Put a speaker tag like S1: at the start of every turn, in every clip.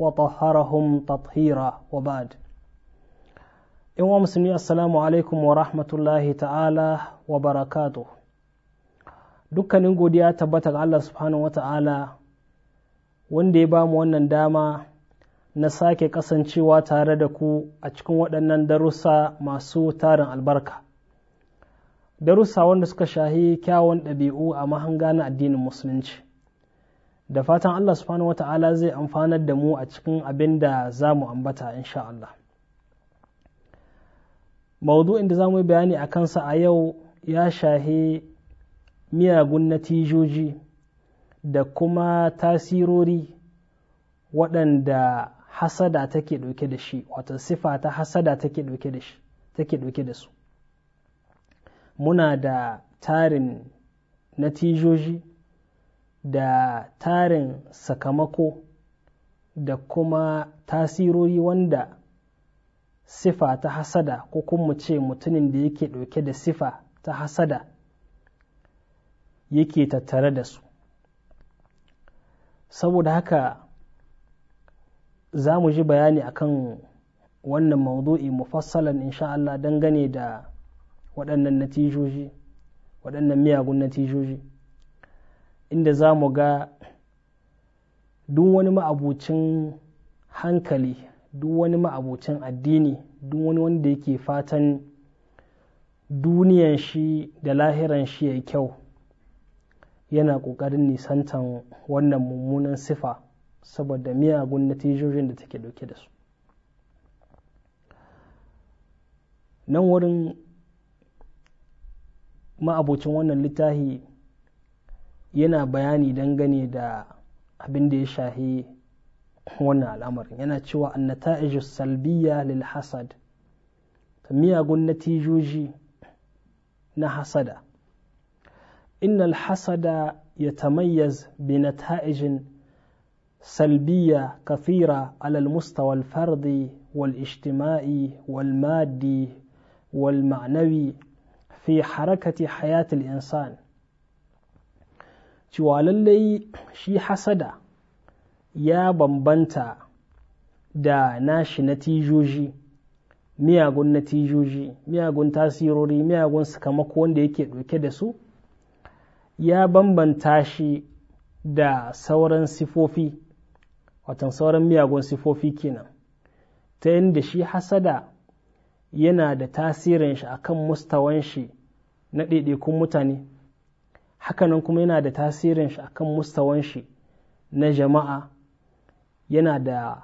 S1: وطهرهم تطهيرا وبعد إن ومسلمي السلام عليكم ورحمة الله تعالى وبركاته dukkanin godiya tabbata ga Allah subhanahu ta'ala wanda ya ba mu wannan dama na sake kasancewa tare da ku a cikin waɗannan darussa masu tarin albarka darussa wanda suka shahi kyawun ɗabi'u a mahanga na addinin musulunci da fatan Allah subhanahu wata'ala zai amfanar da mu a cikin abin da za mu ambata insha Allah maudu'in da za mu yi bayani a kansa a yau ya shahe miyagun natijoji da kuma tasirori waɗanda hasada take ɗauke da shi wata sifa ta hasada take ɗauke da take ɗauke da su muna da tarin natijoji da tarin sakamako da kuma tasirori wanda sifa ta hasada ko kuma ce mutumin da yake ɗauke da sifa ta hasada yake tattare da su saboda haka za mu ji bayani akan wannan maudu'i mufassalan insha Allah dangane da waɗannan natijoji waɗannan miyagun natijoji inda za mu ga duk wani ma'abucin hankali duk wani ma'abucin addini duk wani wanda yake fatan duniyan shi da lahiran shi ya kyau yana ƙoƙarin nisantan wannan mummunan sifa saboda miyagun natijojin da take ɗauke da su nan wurin ma'abocin wannan littafi yana bayani dangane da abin da ya shahi wannan al'amarin yana cewa annata'iju salbiya lil hasad miyagun natijoji na hasada innal hasada ya tamayyaz bi nata'ijin salbiya kafira alal mustawal fardi wal ijtima'i wal wal ma'nawi fi harakati hayatil insan cewa lallai shi hasada ya bambanta da nashi natijoji miyagun natijoji miyagun tasirori miyagun sakamako wanda yake ɗauke da su ya bambanta shi da sauran sifofi watan sauran miyagun sifofi kenan ta yadda shi hasada yana da tasirin shi akan mustawan shi na ɗaiɗaikun mutane hakanan kuma yana da tasirin shi akan mustawan shi na jama'a yana da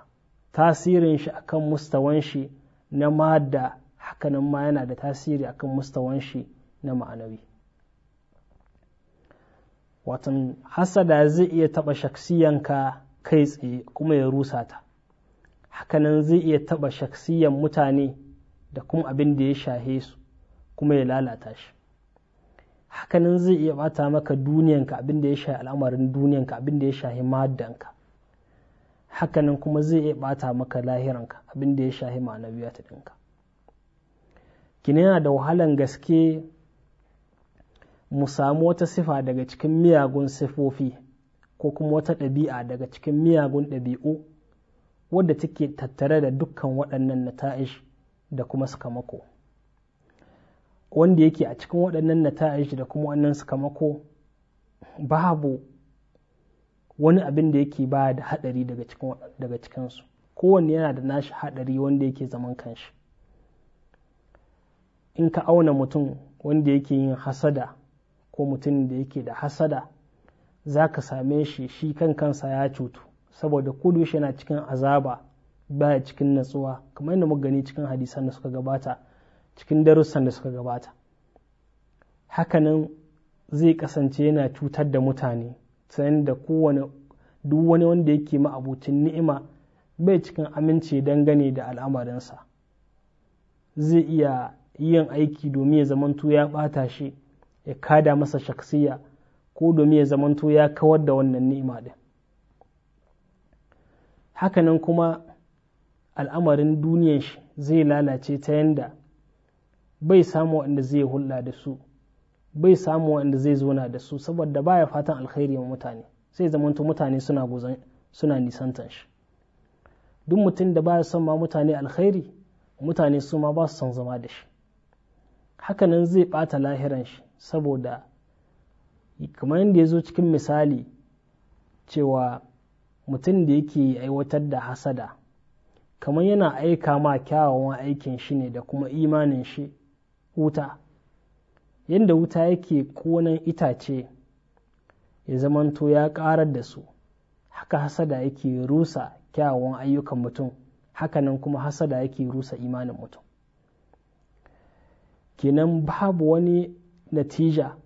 S1: tasirin shi akan mustawan shi na madda hakanan ma yana da tasiri akan mustawan shi na ma'anawi watan hasada zai iya taɓa shaksiyanka kai tsaye kuma ya rusa ta hakanan zai iya taɓa shaksiyan mutane da kuma abin da ya shahe su kuma ya lalata shi hakanan zai iya bata maka duniyanka abin da ya shahi al'amarin duniyanka abin da ya shahi madanka hakanan kuma zai iya bata maka lahiranka abin da ya shahi ma'anabiyata ɗinka kina yana da wahalan gaske mu samu wata sifa daga cikin miyagun sifofi ko kuma wata ɗabi'a daga cikin miyagun ɗabi'u wadda take tattare da dukkan waɗannan nata'ish da kuma sakamako. wanda yake a cikin waɗannan nata'ij da kuma wannan sakamako babu wani abin da yake ba da haɗari daga cikinsu kowanne yana da nashi haɗari wanda yake zaman kanshi in ka auna mutum wanda yake yin hasada ko mutum da yake da hasada za ka same shi shi kan kansa ya cutu saboda kudu yana cikin azaba baya cikin natsuwa kamar yadda muka gani cikin hadisan da suka gabata cikin darussan da suka gabata hakanan zai kasance yana cutar da mutane sanin da kowane duk wani wanda yake ma'abucin ni'ima bai cikin aminci dangane da al'amarinsa zai iya yin aiki domin ya zamanto ya ɓata shi ya kada masa shaksiya ko domin ya zamanto ya kawar da wannan ni'ima ɗin hakanan kuma al'amarin duniyan shi zai lalace ta yanda bai samu wanda zai hulɗa da su bai samu wanda zai zauna da su saboda baya fatan alkhairi wa mutane sai zamanto mutane suna suna nisantan shi duk mutum da baya son ma mutane alkhairi mutane su ma ba su son zama da shi Haka nan zai ɓata lahiran shi saboda kamar yadda ya zo cikin misali cewa mutum da yake aiwatar da hasada kamar yana aika ma kyawawan aikin shi ne da kuma imanin shi wuta yadda wuta yake konan itace ya zamanto ya ƙarar da su haka hasada yake rusa kyawawan ayyukan mutum hakanan kuma hasada yake rusa imanin mutum kenan babu wani natija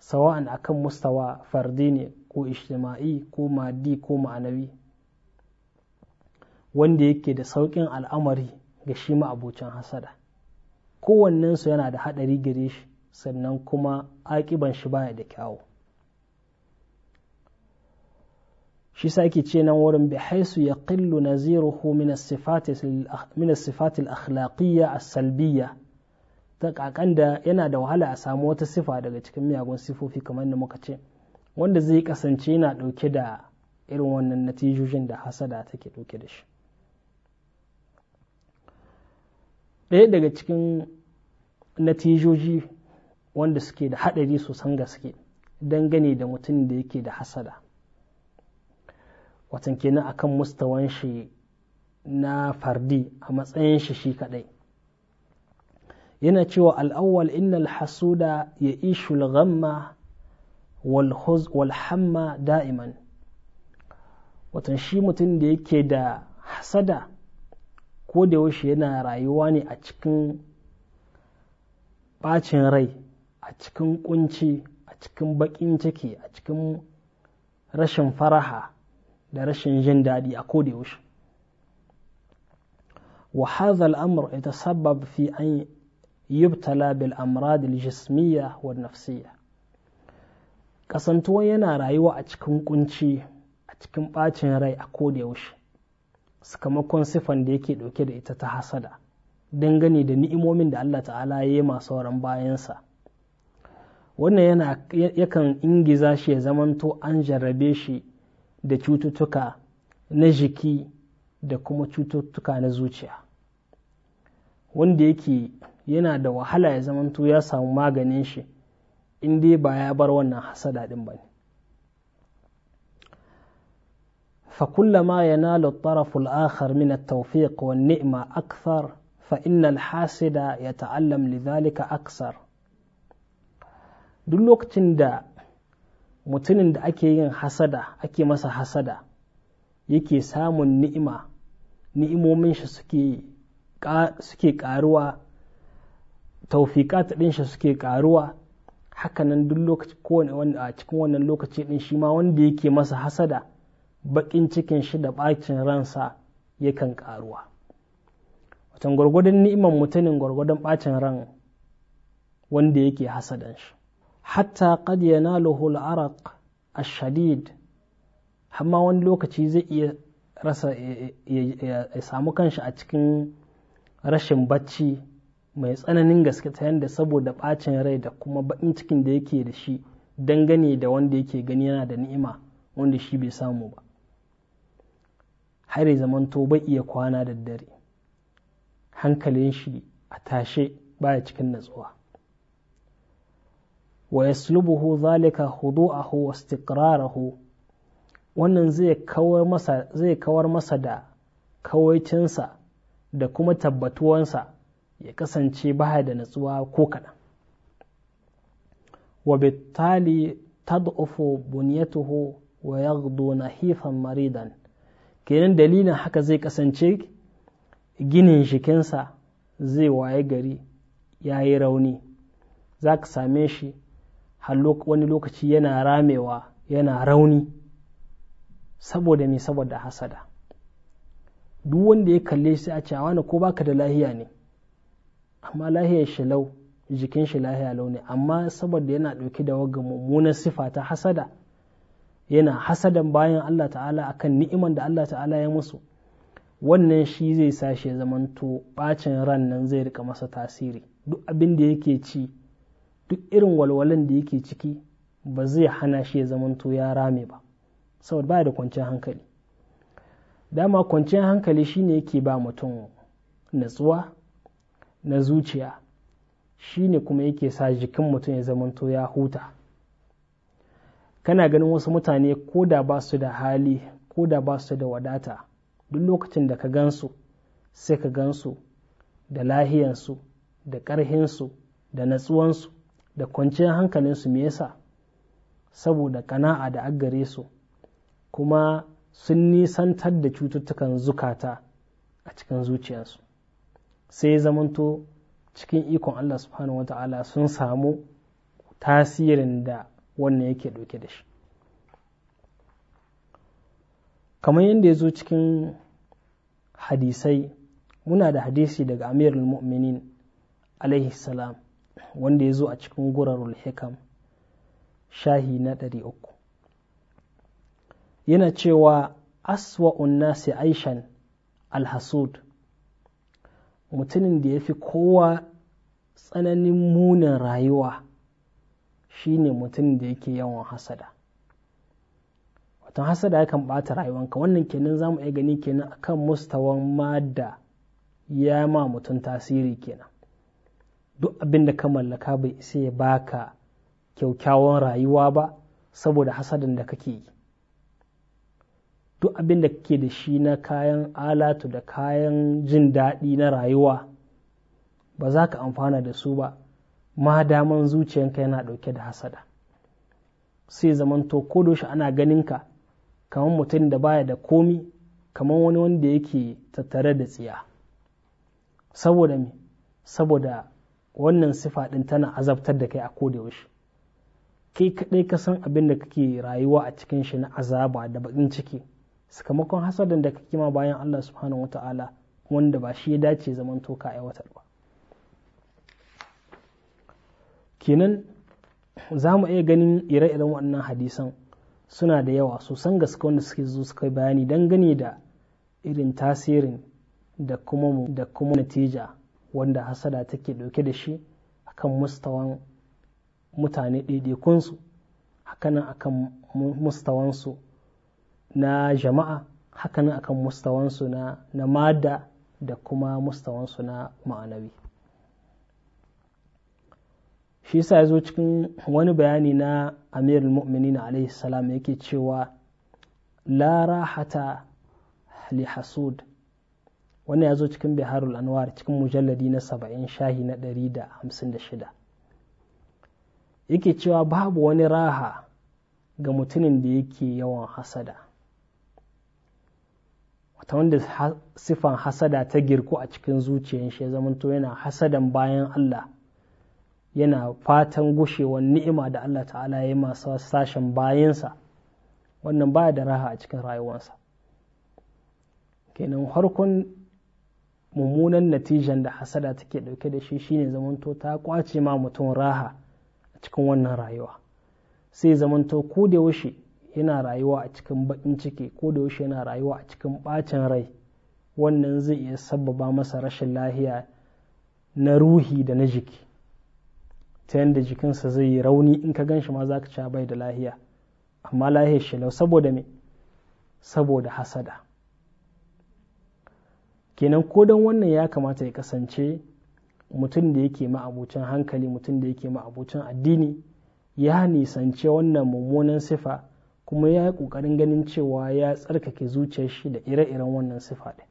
S1: sawa'an akan mustawa fardi ne ko ishtima'i ko madi ko ma'anawi wanda yake da sauƙin al'amari ga shi ma'abocin hasada kowannensu yana da haɗari gare shi sannan kuma aƙiban shi baya da kyawu shi sa ce nan wurin bi haisu ya ƙillu na ziruhu minas sifatil akhlaqiyya a salbiyya ta ƙaƙan da yana da wahala a samu wata sifa daga cikin miyagun sifofi kamar da muka ce wanda zai kasance yana ɗauke da irin wannan natijojin da hasada take ɗauke da shi ɗaya daga cikin natijoji wanda suke da haɗari sosan gaske dangane da mutum da yake da hasada watan kenan akan mustawan shi na fardi a matsayin shi shi kaɗai yana cewa al'awwal innal hasuda ya ishul ghamma wal hamma da'iman watan shi mutum da yake da hasada ko da yaushe yana rayuwa ne a cikin bacin rai a cikin kunci a cikin baƙin ciki a cikin rashin faraha da rashin jin daɗi a ko da yaushe an الأمر يتسبب في أن يبتلى بالأمراض الجسمية والنفسية Kasantuwan yana rayuwa a cikin kunci a cikin bacin rai a da yaushe sakamakon sifan da yake ɗauke da ita ta hasada dangane da ni'imomin da Allah ta'ala ya yi masu sauran bayansa wannan yana yakan ingiza shi ya zamanto an jarrabe shi da cututtuka na jiki da kuma cututtuka na zuciya wanda yake yana da wahala ya zamanto ya samu maganin shi in dai ba ya bar wannan hasada ɗin ba ne fa kullama فكلما ينال الطرف الآخر من التوفيق والنعمة أكثر فإن الحاسد يتعلم لذلك aksar. duk lokacin da mutumin da ake yin hasada ake masa hasada yake samun ni'ima ni'imomin shi suke ƙaruwa taufiƙat ɗin shi suke ƙaruwa hakanan duk lokaci kowane a cikin wannan lokaci ɗin shi ma wanda yake masa hasada baƙin cikin shi da ɓacin ransa yakan ƙaruwa wata gwargwadon ni'iman mutumin gwargwadon ɓacin ran wanda yake hasadan shi hatta qad yanaluhu al-araq ash-shadid amma wani lokaci zai iya rasa ya samu kanshi a cikin rashin bacci mai tsananin gaske ta yanda saboda ɓacin rai da kuma baƙin cikin da yake da shi dangane da wanda yake gani yana da ni'ima wanda shi bai samu ba har ya zamanto bai iya kwana da dare hankalin shi a tashe baya cikin natsuwa wa yaslubuhu zalika hudu'ahu wa istiqrarahu wannan zai kawar masa zai kawar masa da kawaicinsa da kuma tabbatuwansa ya kasance baya da natsuwa ko kaɗan wa bittali tad'ufu bunyatuhu wa yaghdu nahifan maridan kenan dalilin haka zai kasance ginin shikinsa zai waye gari ya yi rauni za ka same shi wani lokaci yana ramewa yana rauni saboda mai saboda hasada duk wanda ya kalle shi a cewa ko baka da lahiya ne amma lahiyar shi lau jikin shi lahiya lau ne amma saboda yana ɗauke da wagga mummunan sifa ta hasada yana hasadan bayan Allah ta'ala akan ni'iman da Allah ta'ala ya musu wannan shi zai sa shi ya zamanto bacin ran nan zai rika masa tasiri duk abin da yake ci duk irin walwalan da yake ciki ba zai hana shi ya zamanto ya rame ba saboda ba da kwanciyar hankali dama kwanciyar hankali shine yake ba mutum natsuwa na zuciya shine kuma yake sa jikin mutum ya zamanto ya huta kana ganin wasu mutane ko da ba su da hali ko da ba su da wadata duk lokacin da ka gansu sai ka gansu da lahiyansu da ƙarhinsu da natsuwansu da kwanciyar hankalinsu me yasa saboda kana'a da aggare su kuma sun nisantar da cututtukan zukata a cikin zuciyarsu sai zamanto cikin ikon Allah subhanahu wata'ala sun samu tasirin da wannan yake ɗauke da shi kamar yadda ya zo cikin hadisai muna da hadisi daga al mu'minin alaihi salam wanda ya zo a cikin gurarul hikam shahi na ɗari uku yana cewa aswa'un nasi aishan alhasud mutumin da ya fi kowa tsananin munin rayuwa Shi ne mutum da yake yawan hasada watan hasada yakan ɓata rayuwanka wannan kenan za mu iya gani kenan a kan mustawan da ya ma mutum tasiri kenan duk abin da ka mallaka bai isa ya baka kyaukyawan rayuwa ba saboda hasadan da kake yi duk abin da kake da shi na kayan alatu da kayan jin daɗi na rayuwa ba za ka amfana da su ba ma daman zuciyanka yana ɗauke da hasada sai zamanto ko doshi ana ganinka kamar mutum da baya da komi kamar wani wanda yake tattare da tsiya saboda me saboda wannan sifa ɗin tana azabtar da kai a koda yaushe kai kaɗai ka san abin da kake rayuwa a cikin shi na azaba da baƙin ciki sakamakon hasadan da kake ma bayan Allah subhanahu wata'ala wanda ba shi ya dace zaman to ka aiwatar ba kenan za mu iya ganin ire-iren waɗannan hadisan suna da yawa sosan gaske wanda suke zo suka bayani dangane da irin tasirin da kuma da kuma natija wanda hasada take ɗauke da shi akan mustawan mutane ɗaiɗaikunsu hakanan akan mustawansu na jama'a hakanan akan mustawansu na, na mada da kuma mustawansu na ma'anawi shi yasa ya zo cikin wani bayani na amirul mu'minin alaihi salam yake cewa la rahata li hasud wannan ya zo cikin biharul anwar cikin mujalladi na saba'in shahi na ɗari da hamsin da shida yake cewa babu wani raha ga mutumin da yake yawan hasada wata wanda sifan hasada ta girku a cikin zuciyar shi ya zamanto yana hasadan bayan Allah yana fatan gushewar ni'ima da Allah ta'ala ya yi masu sashen bayansa wannan baya da raha a cikin rayuwarsa kenan harkon mummunan natijan da hasada take dauke da shi shine zamanto ta kwace ma mutum raha a cikin wannan rayuwa sai zamanto ko da yaushe yana rayuwa a cikin baƙin ciki ko da yaushe yana rayuwa a cikin ɓacin rai wannan zai iya sabbaba masa rashin lahiya na ruhi da na jiki ta yadda jikinsa zai yi rauni in ka gan shi ma za ka ca bai da lahiya amma lahiyar shi lau saboda me saboda hasada kenan ko don wannan ya kamata ya kasance mutum da yake ma'abucin hankali mutum da yake ma'abucin addini ya nisance wannan mummunan sifa kuma ya yi ƙoƙarin ganin cewa ya tsarkake zuciyar shi da ire-iren wannan sifa ɗin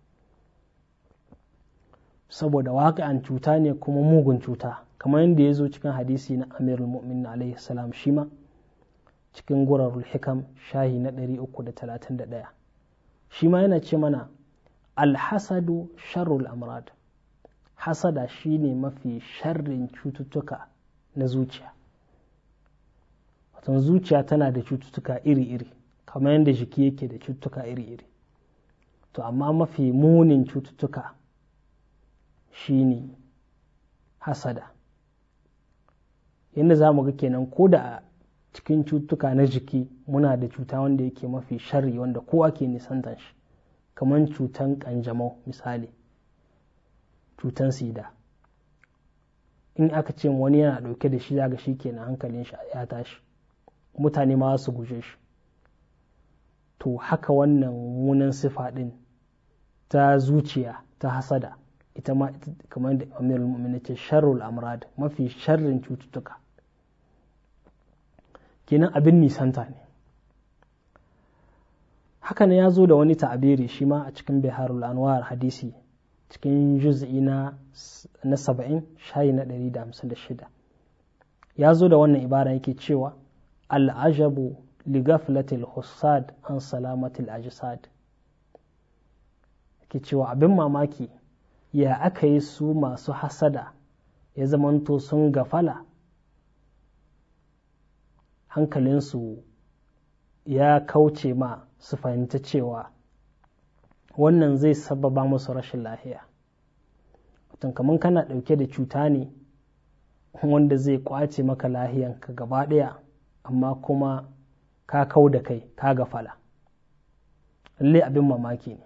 S1: saboda waƙa'an cuta ne kuma mugun cuta kamar yadda ya zo cikin hadisi na amirul mumin alaihi salam shi ma cikin gurarul hikam shahi na 331 shi ma yana ce mana alhasadu sharrul amrad hasada shine mafi sharrin cututtuka na zuciya watan zuciya tana da cututtuka iri-iri kamar yadda jiki yake da cututtuka iri-iri to amma mafi munin cututtuka ne hasada yadda za mu ga kenan ko da a cikin cutuka na jiki muna da cuta wanda yake mafi shari wanda kowa ke nisantar shi kamar cutan kanjamau misali cutan sida in aka ce wani yana ɗauke da shi ga shi kenan hankalin shi ya tashi mutane ma su guje shi to haka wannan munan sifa ɗin ta zuciya ta hasada ita ma kamar da amirul mu'minin ce sharrul amrad mafi sharrin cututtuka kenan abin nisanta ne hakan ya zo da wani ta'abiri shi ma a cikin biharul anwar hadisi cikin juz'i na na saba'in shayi na ɗari da shida ya zo da wannan ibara yake cewa al'ajabu ligaflatil hussad an salamatil ajisad yake cewa abin mamaki ya aka yi su masu hasada ya zamanto sun gafala hankalinsu ya kauce ma su fahimta cewa wannan zai sababa musu rashin lahiya watan kamar kana ɗauke da cuta ne wanda zai kwace maka lahiyanka gaba ɗaya amma kuma ka kau da kai ka gafala Lallai abin mamaki ne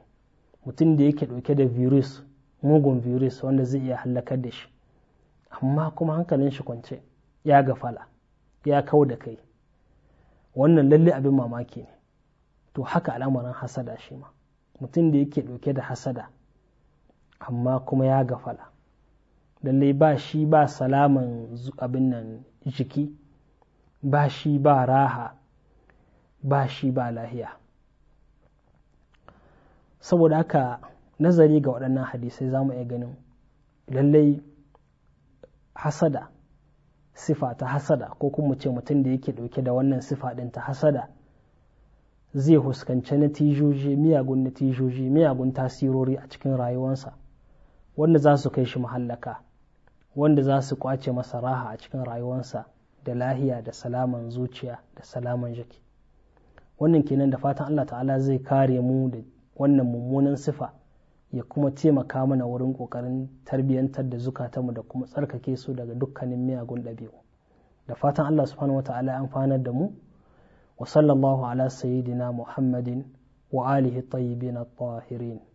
S1: mutum da yake ɗauke da virus mugun virus wanda zai iya hallakar da shi amma kuma hankalin shi kwance ya gafala ya kau da kai wannan lalle abin mamaki ne to haka al'amarin hasada shi ma mutum da yake ɗauke da hasada amma kuma ya gafala lalle ba shi ba salaman abin nan jiki ba shi ba raha ba shi ba lahiya saboda haka nazari ga waɗannan hadisai za mu iya ganin lallai hasada sifa ta hasada ko kuma ce mutum da yake ɗauke da wannan sifa ɗin ta hasada zai huskanci natijoji miyagun natijoji miyagun tasirori a cikin rayuwarsa wanda za su kai shi mahallaka wanda za su kwace masa raha a cikin rayuwarsa da lahiya da salaman zuciya da salaman jiki wannan kenan da fatan Allah ta'ala zai kare mu da wannan mummunan sifa ya kuma taimaka mana wurin kokarin tarbiyyantar da mu da kuma tsarkake su daga dukkanin miyagun ɗabi'u da fatan Allah subhanahu wa ta'ala an fanar da mu wa sallallahu ala sayyidina muhammadin wa alihi tayyibin at-tahirin